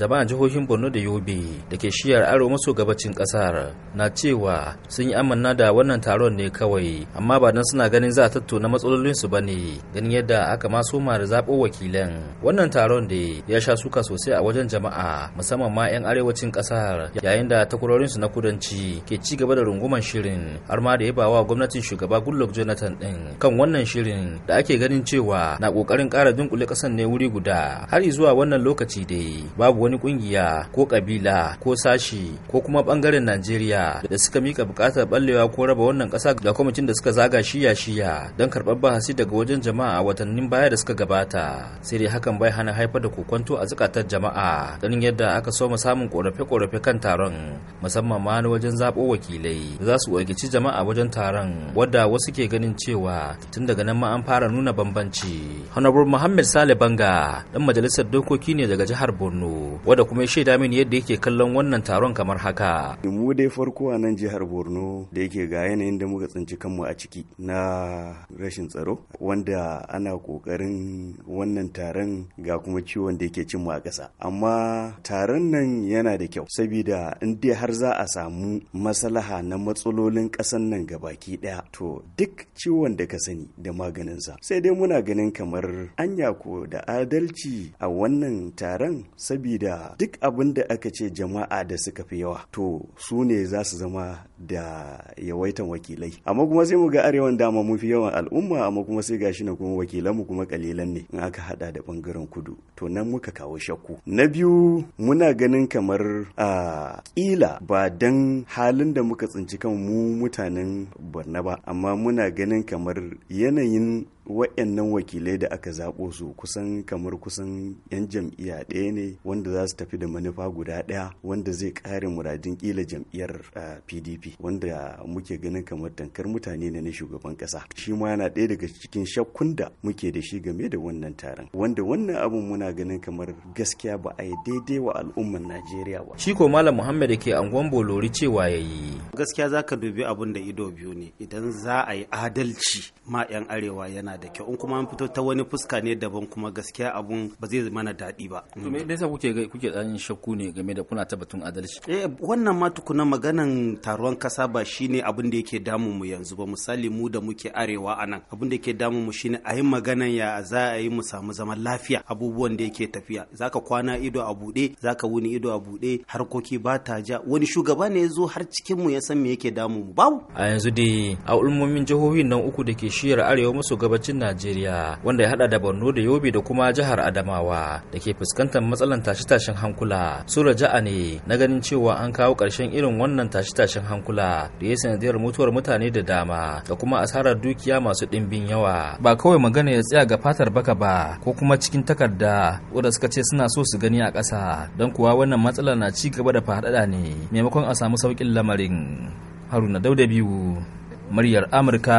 jama'an jihohin borno da yobe da ke shiyar aro maso gabacin kasar na cewa sun yi amanna da wannan taron ne kawai amma ba don suna ganin za a tattauna matsalolinsu ba ne ganin yadda aka ma soma da zaɓo wakilan wannan taron da ya sha suka sosai a wajen jama'a musamman ma 'yan arewacin kasar yayin da su na kudanci ke ci gaba da runguman shirin har ma da ya bawa gwamnatin shugaba goodluck jonathan din kan wannan shirin da ake ganin cewa na kokarin kara dunkule kasan ne wuri guda har zuwa wannan lokaci dai babu wani wani kungiya ko kabila ko sashi ko kuma bangaren Najeriya da suka mika bukatar ballewa ko raba wannan kasa ga kwamitin da suka zaga shiya shiya don karɓar bahasi daga wajen jama'a a watannin baya da suka gabata sai dai hakan bai hana haifar da kokwanto a zukatar jama'a ganin yadda aka soma samun korafe-korafe kan taron musamman ma na wajen zaɓo wakilai za su wakilci jama'a wajen taron wadda wasu ke ganin cewa tun daga nan ma an fara nuna bambanci honorable muhammad sale banga dan majalisar dokoki ne daga jihar borno wadda kuma ya shaida mini yadda yake kallon wannan taron kamar haka. Mu dai farko a nan jihar Borno da yake ga yanayin da muka tsinci kanmu a ciki na rashin tsaro wanda ana kokarin wannan taron ga kuma ciwon da yake cin mu a ƙasa. Amma taron nan yana da kyau saboda in dai har za a samu maslaha na matsalolin ƙasan nan gabaki ɗaya to duk ciwon da ka sani da maganinsa sai dai muna ganin kamar anya ko da adalci a wannan taron saboda Da duk abin da aka ce jama'a da suka fi yawa to su ne za su zama da yawaitan wakilai amma kuma sai mu ga arewan dama mun fi yawan al'umma amma kuma sai gashi na kuma wakilan mu kuma kalilan ne in aka hada da bangaren kudu to nan muka kawo shakku na biyu muna ganin kamar a kila ba dan halin da muka tsinci kan mu mutanen Borno ba amma muna ganin kamar yanayin wa'annan wakilai da aka zaɓo su kusan kamar kusan 'yan jam'iyya ɗaya ne wanda za su tafi da manufa guda ɗaya wanda zai ƙare muradin ƙila jam'iyyar pdp wanda muke ganin kamar tankar mutane ne na shugaban ƙasa shi ma yana ɗaya daga cikin shakkun da muke da shi game da wannan taron wanda wannan abun muna ganin kamar gaskiya ba a yi daidai wa al'ummar najeriya ba shi ko malam muhammad ke angon bolori cewa ya yi gaskiya za ka dubi abun da ido biyu ne idan za a yi adalci ma 'yan arewa yana da kyau in kuma an fito ta wani fuska ne daban kuma gaskiya abun ba zai mana daɗi ba to me yasa kuke kuke tsanin shakku ne game da kuna tabbatun adalci eh wannan ma tukuna maganan taruwan kasa ba shine abin da yake damu mu yanzu ba misali mu da muke arewa anan abin da yake damu mu shine a yi maganan ya za a yi mu samu zaman lafiya abubuwan da yake tafiya zaka kwana ido a buɗe zaka wuni ido a buɗe harkoki ba ta ja wani shugaba ne ya zo har cikin mu ya san me yake damu mu babu a yanzu dai a ulmomin jihohin nan uku da ke shiyar arewa maso gabacin arewacin Najeriya wanda ya hada da Borno da Yobe da kuma jihar Adamawa da ke fuskantar matsalan tashi-tashin hankula. Su raja'a ne na ganin cewa an kawo ƙarshen irin wannan tashi-tashin hankula da ya sanadiyar mutuwar mutane da dama da kuma asarar dukiya masu ɗimbin yawa. Ba kawai magana ya tsaya ga fatar baka ba ko kuma cikin takarda wanda suka ce suna so su gani a ƙasa don kuwa wannan matsala na ci gaba da faɗaɗa ne maimakon a samu sauƙin lamarin. Haruna Dauda biyu muryar Amurka